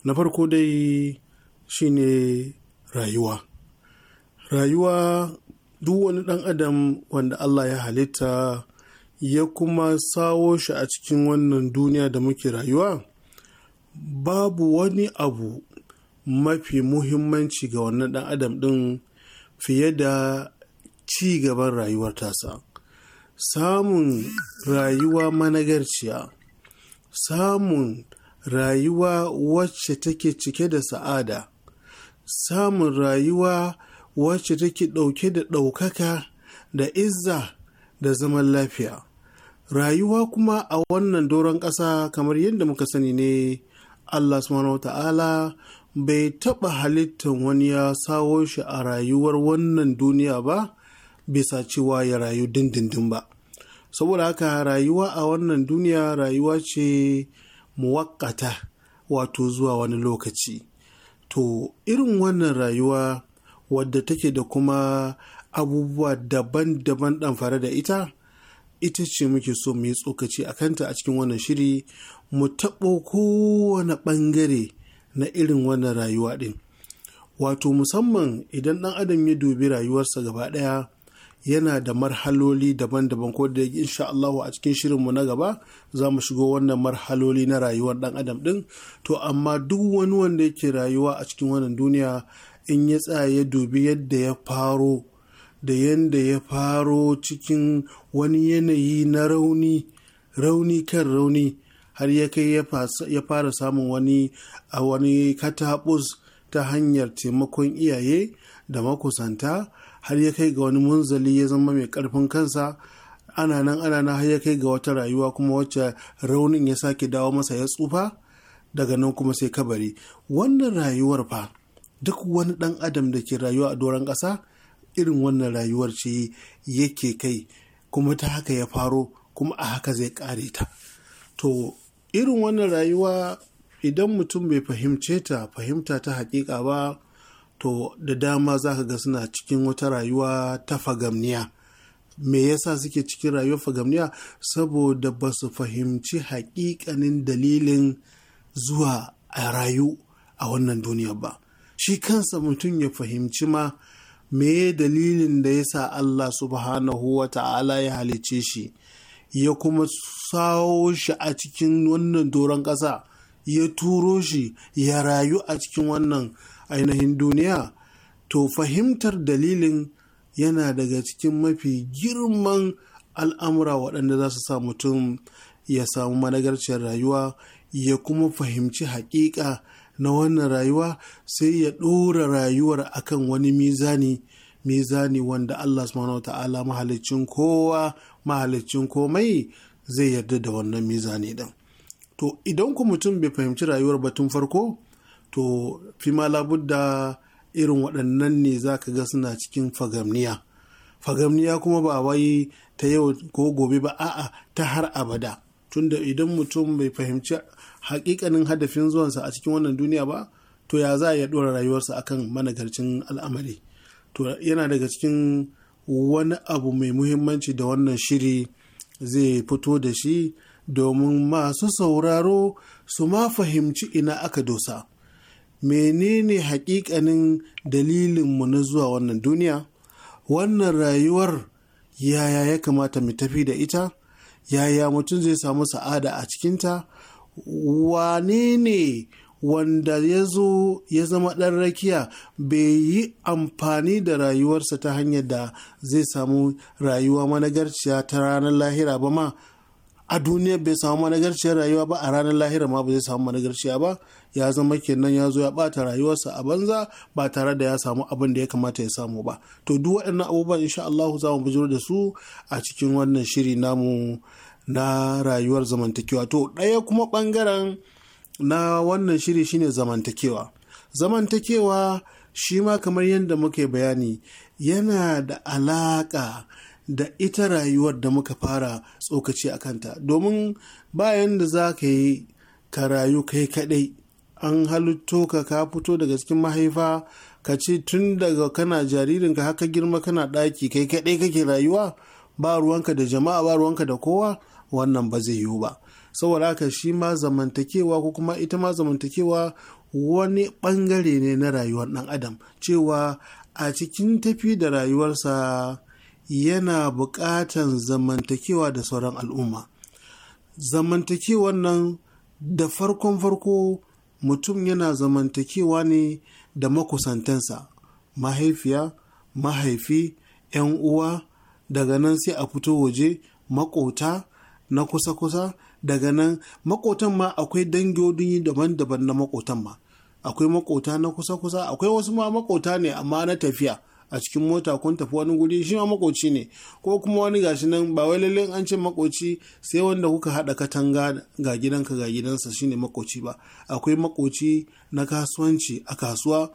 Speaker 6: na farko dai shine rayuwa rayuwa duk wani ɗan adam wanda allah ya halitta ya kuma sawo shi a cikin wannan duniya da muke rayuwa babu wani abu mafi muhimmanci ga wannan ɗan adam ɗin fiye da ci gaban rayuwar tasa samun rayuwa managarciya samun rayuwa wacce take cike da sa'ada samun rayuwa wacce take ɗauke da ɗaukaka da izza da zaman lafiya rayuwa kuma a wannan doron ƙasa kamar yadda muka sani ne allah subhanahu ta'ala bai taɓa halittar wani ya sawo shi a rayuwar wannan duniya ba bisa cewa ya rayu dindindin ba saboda haka rayuwa a wannan duniya rayuwa ce muwakkata wato zuwa wani lokaci to irin wannan rayuwa wadda take da kuma abubuwa daban-daban ɗanfare da ita ita ce muke so mu yi tsokaci a kanta a cikin wannan shiri mu taɓo kowane ɓangare na irin wannan rayuwa ɗin wato musamman idan ɗan adam ya dubi rayuwarsa gaba ɗaya yana da marhaloli daban-daban ko da insha Allah a cikin shirinmu na gaba za mu shigo wannan marhaloli na rayuwar dan adam din to amma duk wani wanda yake rayuwa a cikin wannan duniya in ya tsaya ya dubi yadda ya faro da yadda ya faro cikin wani yanayi na rauni rauni kan rauni har ya kai ya fara samun wani a wani kataɓus ta hanyar taimakon iyaye da makusanta har ya kai ga wani munzali ya zama mai karfin kansa ana nan ana nan har ya kai ga wata rayuwa kuma wacce raunin ya sake dawo masa ya tsufa daga nan kuma sai kabari wannan rayuwar fa duk wani ɗan adam da ke rayuwa a doron ƙasa irin wannan rayuwar ce yake kai kuma ta haka ya faro kuma a haka zai ƙare ta to irin wannan rayuwa idan mutum bai fahimce ta fahimta ta haƙiƙa ba to da dama za ka ga suna cikin wata rayuwa ta fagamniya me yasa suke cikin rayuwar fagamniya saboda ba su fahimci haƙiƙanin dalilin zuwa a rayu a wannan duniya ba shi kansa mutum ya fahimci ma me dalilin da ya sa Allah subhanahu wa ta'ala ya halice shi ya kuma sawo shi a cikin wannan doron ƙasa ya turo shi ya rayu a cikin wannan ainihin duniya to fahimtar dalilin yana daga cikin mafi girman al'amura waɗanda za su sa mutum ya samu managarciyar rayuwa ya kuma fahimci haƙiƙa na wannan rayuwa sai ya ɗora rayuwar akan wani mizani mizani wanda Allah subhanahu wa ta'ala mahalicin kowa mahalicin komai zai yarda da wannan mizani ɗin to idan ku mutum bai fahimci rayuwar batun farko to fi fima labudda irin waɗannan ne za ka ga suna cikin fagamniya fagamniya kuma ba wai ta yau ko gobe ba a'a ta har abada tunda idan mutum bai fahimci hakikanin hadafin zuwansa a cikin wannan duniya ba to ya za ya ɗora rayuwarsa akan managarcin al'amari to yana daga cikin wani abu mai muhimmanci da wannan shiri zai fito da shi domin masu sauraro su ma fahimci ina aka dosa menene hakikanin dalilinmu na zuwa wannan duniya wannan rayuwar yaya ya kamata mu tafi da ita yaya mutum zai samu sa'ada a cikinta wane ne wanda ya zo ya zama ɗan rakiya bai yi amfani da rayuwarsa ta hanyar da zai samu rayuwa managarciya ta ranar lahira ba ma a duniya bai samu managarciyar rayuwa ba a ranar lahira ma ba zai samu managarciya ba ya zama kenan ya zo ya bata rayuwarsa a banza ba tare da ya samu abin da ya kamata ya samu ba to duk waɗannan abubuwan insha Allah za mu bujiro da su a cikin wannan shiri namu na rayuwar zamantakewa to ɗaya kuma ɓangaren na wannan shiri shine zamantakewa zamantakewa shi ma kamar yadda muke bayani yana da alaƙa da ita rayuwar da muka fara tsokaci a kanta domin bayan da za ka yi ka rayu kai kaɗai an halitto ka ka fito daga cikin mahaifa ka ce tun daga kana jaririnka haka girma kana ɗaki kai kaɗai kake rayuwa ba ruwanka da jama'a ba ruwanka da kowa wannan ba zai yiwu ba saboda haka shi ma zamantakewa ko kuma ita ma zamantakewa wani ɓangare ne na rayuwar ɗan adam cewa a cikin tafi da rayuwarsa yana bukatan zamantakewa da sauran al'umma zamantakewan nan da farkon farko mutum yana zamantakewa ne da makusantansa mahaifiya mahaifi 'yan uwa daga nan sai a fito waje makota na kusa-kusa daga nan makotan ma akwai dangiyoyi daban-daban na makotan ma akwai makota na kusa-kusa akwai wasu ma makota ne amma na tafiya a cikin mota kun tafi wani guri shi ma makoci ne ko kuma wani gashi nan ba wai lallai an ce makoci sai wanda kuka haɗa katanga ga gidanka ga gidansa shine makoci ba akwai makoci na kasuwanci a kasuwa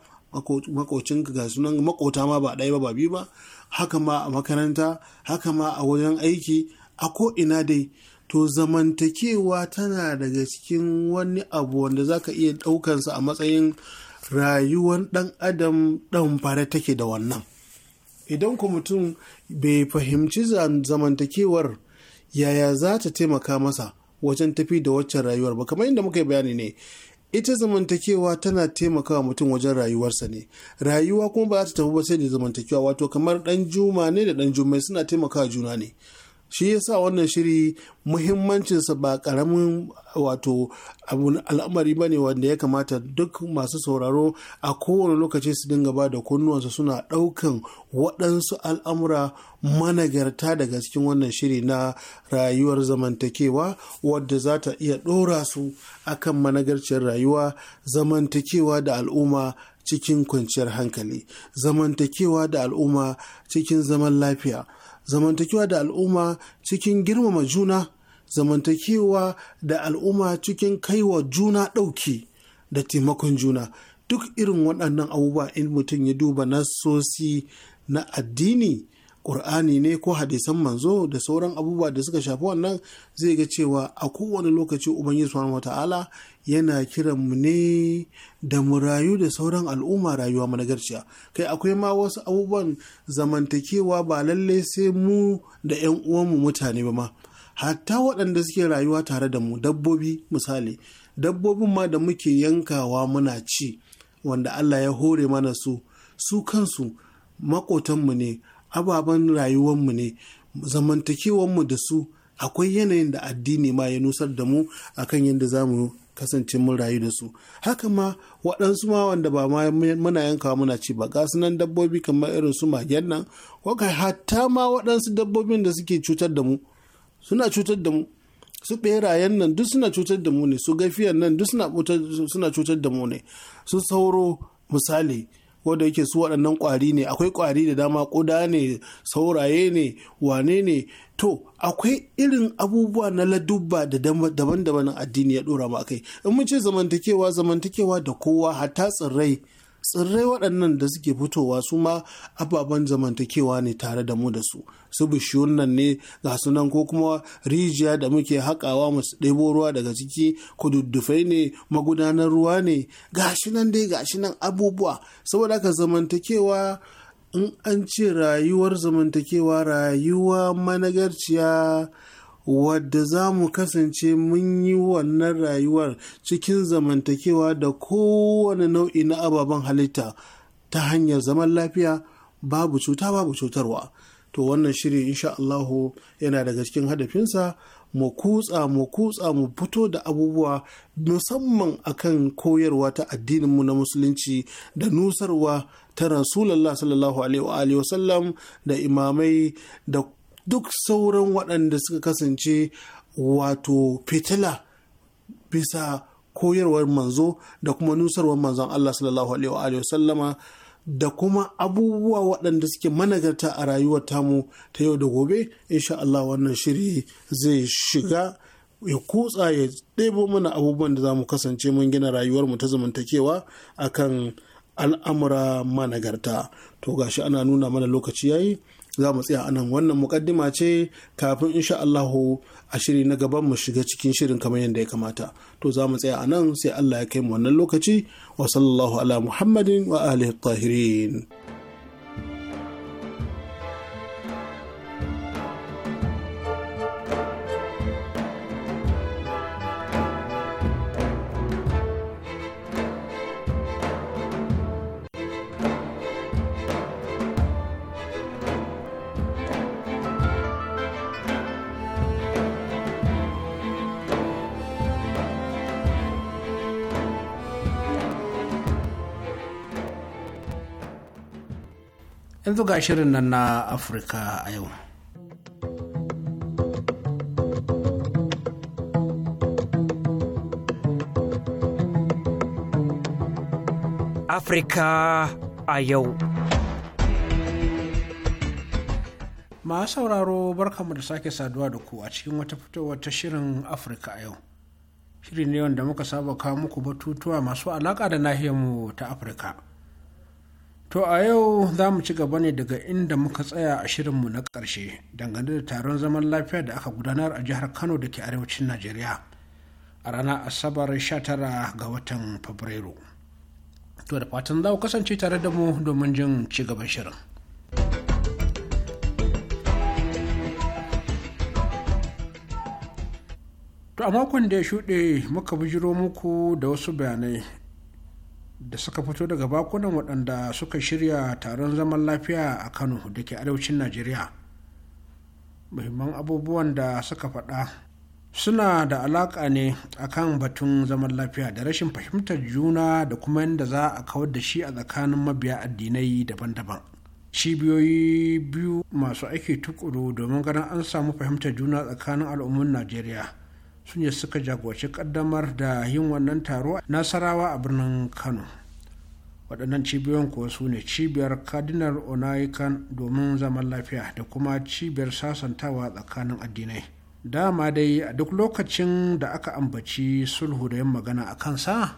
Speaker 6: makocinka ga sunan makota ma ba ɗaya ba ba biyu ba haka ma a makaranta haka ma a wajen aiki a ko ina dai to zamantakewa tana daga cikin wani abu wanda zaka iya ɗaukansa a matsayin Rayuwar ɗan adam ɗan fara take da wannan idan ku mutum bai fahimci zamantakewar yaya za ta taimaka masa wajen tafi da waccan rayuwar ba kamar inda muka yi bayani ne ita zamantakewa tana taimakawa mutum wajen rayuwarsa ne rayuwa kuma ba za ta tafi ba sai da zamantakewa wato kamar ɗan juma ne da ɗan jummai suna taimakawa juna ne shi yasa wannan shiri muhimmancinsa ba karamin wato abun al'amari ba ne wanda ya kamata duk masu sauraro a kowane lokaci su dinga ba da kunnuwansu suna ɗaukan waɗansu al'amura managarta daga cikin wannan shiri na rayuwar zamantakewa wadda za ta iya ɗora su akan managarciyar rayuwa zamantakewa da al'umma cikin kwanciyar hankali zamantakewa da al'umma cikin zaman lafiya zamantakewa da al'umma cikin girmama juna zamantakewa da al'umma cikin kaiwa juna ɗauki da taimakon juna duk irin waɗannan abubuwa in mutum ya duba nasosi na addini ƙur'ani ne ko hadisan manzo da sauran abubuwa da suka shafi wannan zai ga cewa a kowane lokaci ubangiji subhanahu wata'ala yana kiran mu ne da mu rayu da sauran al'umma rayuwa nagarciya kai akwai ma wasu abubuwan zamantakewa ba lallai sai mu da 'yan uwanmu mutane ba ma hatta waɗanda suke rayuwa tare da mu dabbobi misali dabbobin ma da muke yankawa muna ci wanda Allah ya hore mana su su kansu makotanmu ne ababen rayuwanmu ne zamantakewanmu da su akwai yanayin da addini ma ya nusar da mu akan yadda za mu kasance mun rayu da su haka ma waɗansu ma wanda ba ma muna yankawa muna ci ba ga nan dabbobi kamar irin su magen nan wakai hatta ma waɗansu dabbobin da suke cutar da mu suna cutar da mu su ɓerayen nan duk suna cutar da mu ne su gafiyan nan duk suna cutar da mu ne su sauro misali ko da yake su waɗannan ƙwari ne akwai ƙwari da dama ƙuda ne sauraye ne wane ne to akwai irin abubuwa na ladubba da daban-daban addini ya ɗora ma kai in mun ce zamantakewa zamantakewa da kowa hatta tsirrai tsirrai waɗannan da suke fitowa su ma ababen zamantakewa ne tare da mu da su su bishiyun nan ne ga su nan ko kuma rijiya da muke haƙawa mu ɗebo ruwa daga ciki kududdufai ne magudanar ruwa ne gashi nan dai gashi nan abubuwa saboda haka zamantakewa in an ce rayuwar zamantakewa rayuwa managarciya wadda za mu kasance mun yi wannan rayuwar cikin zamantakewa da kowane nau'i na ababen halitta ta hanyar zaman lafiya babu cuta babu cutarwa to wannan shiri insha Allahu yana daga cikin hadafinsa mu kutsa mu kutsa mu fito da abubuwa musamman akan koyarwa ta addininmu na musulunci da nusarwa ta rasulallah sallallahu alaihi wa sallam, da imamai da duk sauran waɗanda suka kasance wato fitila bisa koyarwar manzo da kuma nusarwar manzon Allah sallallahu alaihi wa sallama da kuma abubuwa waɗanda suke managarta a rayuwar tamu ta yau da gobe insha Allah wannan shiri zai shiga ya kutsa ya ɗebo mana abubuwan da za mu kasance mun gina rayuwar mu ta zamantakewa akan al'amura managarta to gashi ana nuna mana lokaci yayi za mu tsaya anan wannan mukaddima ce kafin insha Allahu a shiri na gaban mu shiga cikin shirin kamar yadda ya kamata to za mu tsaya anan sai Allah ya kai mu wannan lokaci wa sallallahu ala muhammadin wa alihi tahirin
Speaker 2: yanzu ga shirin nan na afirka a yau
Speaker 4: afirka a yau
Speaker 2: masu sauraro barkamu da sake saduwa da ku a cikin wata fitowar ta shirin afirka a yau shiri ne wanda muka saba kawo muku batutuwa masu alaƙa da nahiyarmu ta afirka To a yau za mu ci gaba ne daga inda muka tsaya a shirinmu na ƙarshe dangane da taron zaman lafiya da aka gudanar a jihar Kano da ke arewacin Najeriya a ranar Asabar 19 ga watan Fabrairu. To da fatan za ku kasance tare da mu domin jin ci gaban shirin. To a makon da ya shuɗe muka bijiro muku da wasu bayanai da suka fito daga bakunan waɗanda suka shirya taron zaman lafiya a kano da ke arewacin najeriya muhimman abubuwan da suka faɗa suna da alaƙa ne akan batun zaman lafiya da rashin fahimtar juna da kuma yadda za a kawar da shi a tsakanin mabiya addinai daban-daban cibiyoyi biyu masu aiki tukuru domin ganin an samu fahimtar juna tsakanin al'ummin najeriya su ne suka jagoci kaddamar da yin wannan taro nasarawa a birnin kano waɗannan cibiyoyin kuwa su ne cibiyar kadinar onaikan domin zaman lafiya da kuma cibiyar sasantawa tsakanin addinai dama dai a duk lokacin da aka ambaci sulhu da yin magana a kansa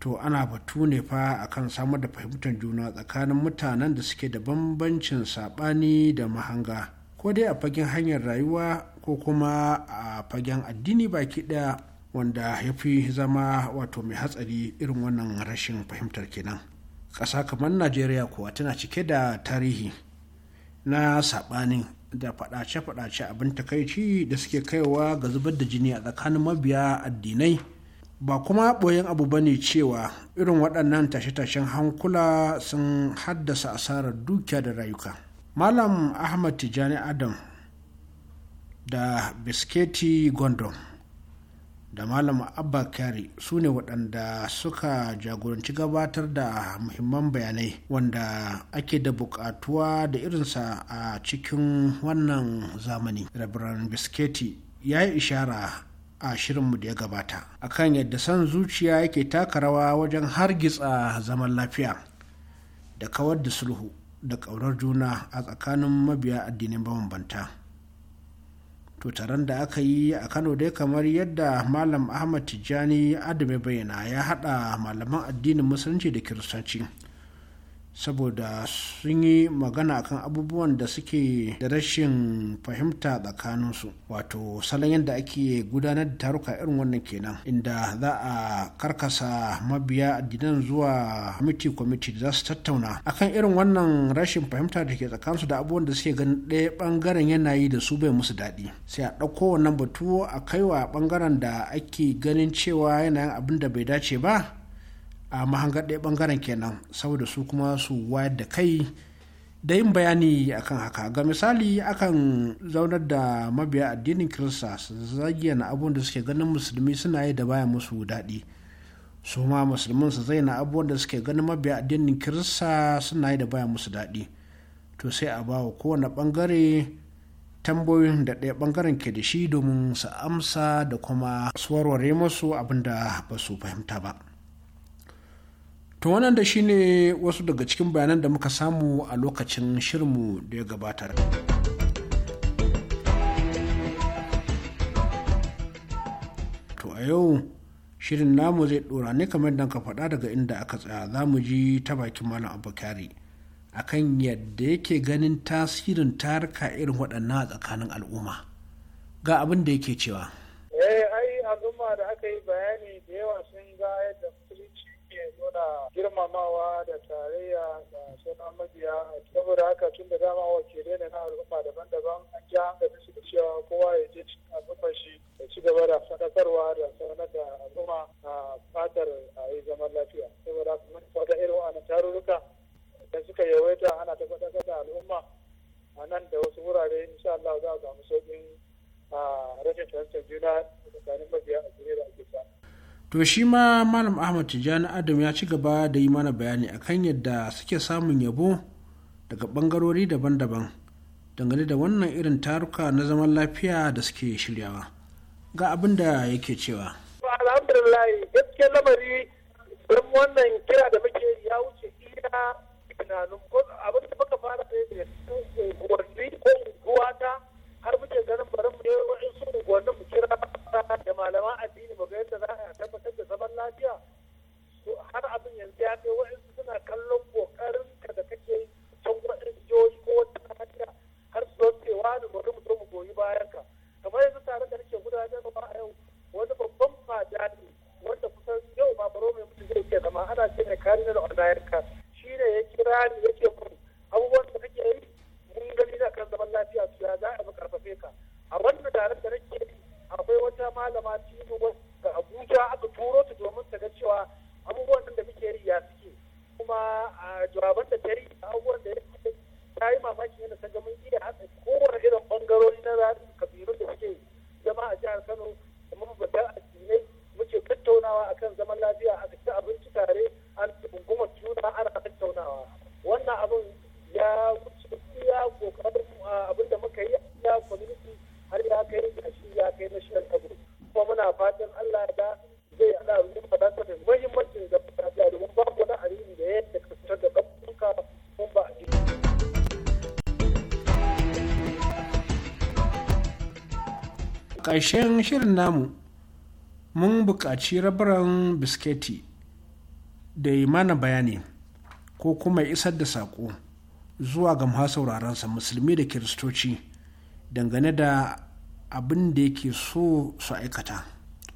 Speaker 2: to ana batu ne fa a kan samar da fahimtar juna tsakanin mutanen da suke da bambancin saɓani da mahanga ko dai a fagen hanyar rayuwa ko kuma a fagen addini baki ɗaya wanda ya fi zama wato mai hatsari irin wannan rashin fahimtar kenan ƙasa kamar najeriya kuwa tana cike da tarihi na saɓanin da faɗace-faɗace abin takaici da suke kaiwa ga zubar da jini a tsakanin mabiya addinai ba kuma ɓoyen abu ba ne cewa irin waɗannan tashe-tashen hankula sun haddasa asarar dukiya da rayuka malam ahmad tijani adam da bisketi gondon da malam abba Kari su ne waɗanda suka jagoranci gabatar da muhimman bayanai wanda ake da buƙatuwa da irinsa a cikin wannan zamani rabiran bisketi ya yi ishara a shirinmu da ya gabata akan yadda san zuciya yake taka rawa wajen hargitsa zaman lafiya da kawar da sulhu da ƙaunar juna a tsakanin mabiya addinin mabambanta. to taron da aka yi a kano dai kamar yadda malam ahmad tijjani adame bayyana ya haɗa malaman addinin musulunci da kiristanci saboda sun yi magana kan abubuwan da suke da rashin fahimta tsakaninsu wato salon yadda ake gudanar da taruka irin wannan kenan inda za a karkasa mabiya addinan zuwa kwamiti kwamiti da za su tattauna akan irin wannan rashin fahimta da ke tsakaninsu da abubuwan da suke ganin ɗaya ɓangaren yanayi da su bai musu daɗi sai a ɗauko wannan batu a kaiwa ɓangaren da ake ganin cewa yanayin abin da bai dace ba a mahangar ɗaya ɓangaren kenan saboda su kuma su wayar da kai da yin bayani akan haka ga misali akan zaunar da mabiya addinin kirista su na abubuwan da suke ganin musulmi suna yi da baya musu daɗi su ma musulmin su zaina abubuwan da suke ganin mabiya addinin kirista suna yi da baya musu daɗi to sai a bawa kowane ɓangare tambayoyin da ɗaya ɓangaren ke da shi domin su amsa da kuma su warware musu abin da ba su fahimta ba To wannan da shi ne wasu daga cikin bayanan da muka samu a lokacin shirinmu da ya gabatar. To a yau shirin namu zai dora ne kamar da ka faɗa daga inda aka tsaya za mu ji ta bakin malam a akan yadda yake ganin tasirin tarka irin waɗannan a tsakanin al'umma ga abin da yake cewa.
Speaker 8: eh ai al'umma da aka yi bayani girmamawa da tarayya da sauran mabiya saboda haka tun da dama wakilai ne na al'umma daban-daban an ji da su da cewa kowa ya je cikin al'umma shi da ci gaba da faɗakarwa da sanar da al'umma a fatar a yi zaman lafiya saboda haka mun faɗa irin wa'annan tarurruka da suka yawaita ana ta faɗakar da al'umma a nan da wasu wurare insha Allah za a samu sauƙin a rashin fahimtar juna tsakanin mabiya a da ake samu.
Speaker 2: to shi ma malam ahmad tijjani adam ya ci gaba da yi mana bayani akan yadda suke samun yabo daga bangarori daban-daban dangane da wannan irin taruka na zaman lafiya da suke shiryawa ga abin da yake cewa
Speaker 8: alhamdulillah lamari don wannan kira da muke ya wuce iya tunanin abin da muka fara da unguwanni ko unguwa har muke ganin bari mu yi wa'in su unguwanni mu kira da malaman addini mu ga yadda za lafiya to har abin yanzu ya kai wa'insu suna kallon kokarin ka da kake can wa'insu jihohi ko wata lafiya har su zo cewa da bari mu zo mu goyi bayan ka kamar yanzu tare da nake gudanar da a yau wani babban fada ne wanda kusan yau ba baro mai mutu zai ke zama ana ce mai kari da ordayar ka shi ne ya kira ni ya ke mun abubuwan da kake yi mun gani na kan zaman lafiya su ya za a mu karfafe ka a wannan tare da nake akwai wata malama cikin wasu daga abuja aka turo ta domin ta ga cewa abubuwan da muke yi ya suke kuma a jawaban da ta yi abubuwan da ya ta yi mamaki yana ta ga mun iya haɗa kowane irin bangarori na kabilun da suke yi
Speaker 2: ƙarshen shirin namu mun buƙaci rabaran bisketi da yi mana bayani ko kuma isar da saƙo zuwa ga sa musulmi da kiristoci dangane da abin da yake so su aikata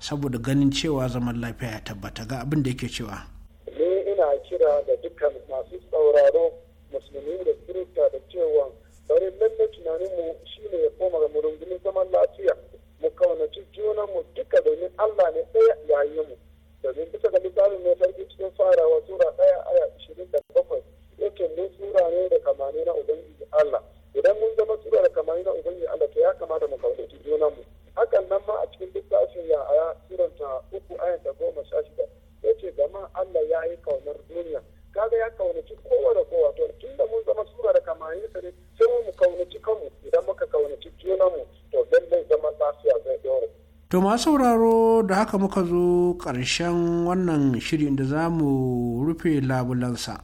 Speaker 2: saboda ganin cewa zaman lafiya ya tabbata ga abin da yake cewa
Speaker 8: ne ina kira da dukkan masu sauraro musulmi da kirista da cewa bari lalle tunaninmu ne ya koma
Speaker 2: ma sauraro da haka muka zo ƙarshen wannan shiri da za mu rufe labulansa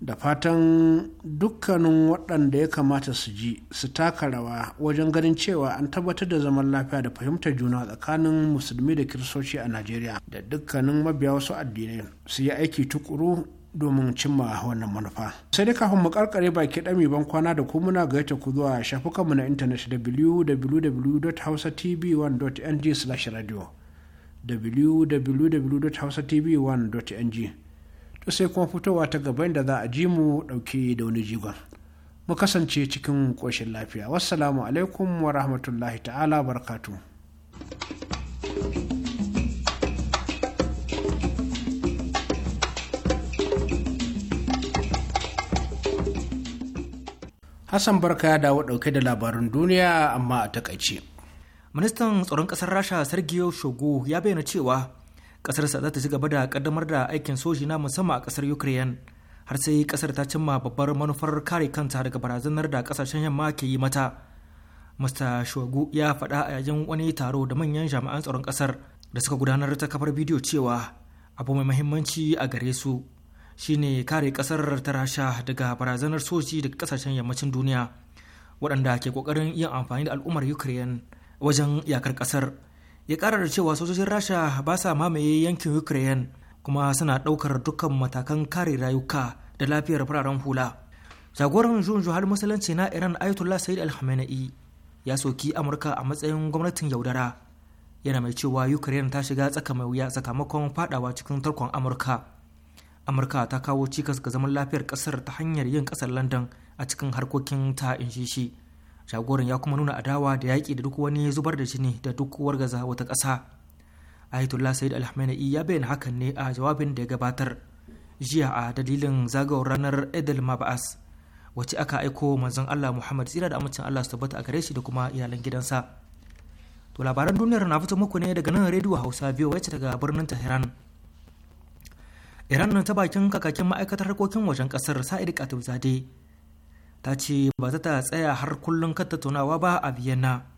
Speaker 2: da fatan dukkanin waɗanda ya kamata su ji su taka rawa wajen ganin cewa an tabbatar da zaman lafiya da fahimtar juna tsakanin musulmi da kiristoci a najeriya da dukkanin mabiya wasu addinai su yi aiki tukuru domin cimma wannan manufa. Sai dai kafin mu karkare baki dami ban kwana da kuma muna gaita ku zuwa shafukanmu na intanet www.hausatv1.ng/radio www.hausatv1.ng to sai kuma fitowa ta gaba da za a ji mu dauke da wani jigon. Mu kasance cikin koshin lafiya. Wassalamu alaikum wa rahmatullahi ta'ala barkatu. Hassan Barka ya dawo ɗauke da labarin duniya amma a takaice.
Speaker 4: Ministan tsaron ƙasar Rasha Sergio Shogo ya bayyana cewa ƙasarsa za ta ci gaba da ƙaddamar da aikin soji na musamman a ƙasar Ukraine har sai ƙasar ta cimma babbar manufar kare kanta daga barazanar da ƙasashen yamma ke yi mata. Mr. shogu ya faɗa a yayin wani taro da manyan jami'an tsaron ƙasar da suka gudanar ta kafar bidiyo cewa abu mai muhimmanci a gare su shine kare kasar ta rasha daga barazanar soji daga kasashen yammacin duniya waɗanda ke ƙoƙarin yin amfani da al'ummar ukraine wajen yakar kasar ya ƙara da cewa sojojin rasha ba sa mamaye yankin ukraine kuma suna ɗaukar dukkan matakan kare rayuka da lafiyar fararen hula jagoran jun juhar musulunci na iran ayatollah sayyid al ya soki amurka a matsayin gwamnatin yaudara yana mai cewa ukraine ta shiga tsaka wuya sakamakon fadawa cikin tarkon amurka amurka ta kawo cikas ga zaman lafiyar kasar ta hanyar yin kasar london a cikin harkokin ta inshi shi jagoran ya kuma nuna adawa da yaƙi da duk wani zubar da jini da duk wargaza wata ƙasa ayatollah said alhamenei ya bayyana hakan ne a jawabin da ya gabatar jiya a dalilin zagawar ranar edel mabas wacce aka aiko manzon allah muhammad tsira da amincin allah su tabbata a gare shi da kuma iyalan gidansa to labaran duniyar na fito muku ne daga nan rediyo hausa biyu wacce daga birnin tehran iran ta bakin kakakin ma'aikatar harkokin wajen kasar sa'id zade ta ce ba ta tsaya har kullum kan tattaunawa ba a biyanna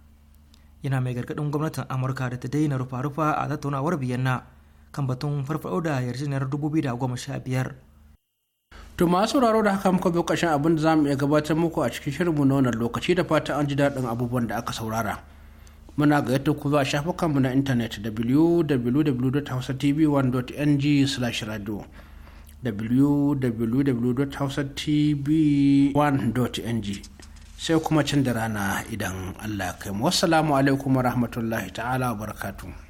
Speaker 4: yana mai gargadin gwamnatin amurka da ta daina rufa-rufa a tattaunawar biyanna kan batun farfaɗo da yarjejeniyar 2015 To masu sauraro da haka muka
Speaker 2: bi ƙarshen abin da za mu iya gabatar muku a cikin shirinmu na wannan lokaci da fata an ji daɗin abubuwan da aka saurara. muna gayyata ku zuwa shafukanmu na intanet www.hausatv1.ng/radio www.hausatv1.ng sai kuma can da rana idan Allah kai mu wassalamu alaikum wa rahmatullahi ta'ala wa barakatuh